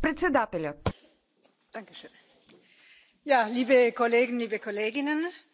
Председателят. Yeah, liebe Kollegen, liebe Kolleginnen,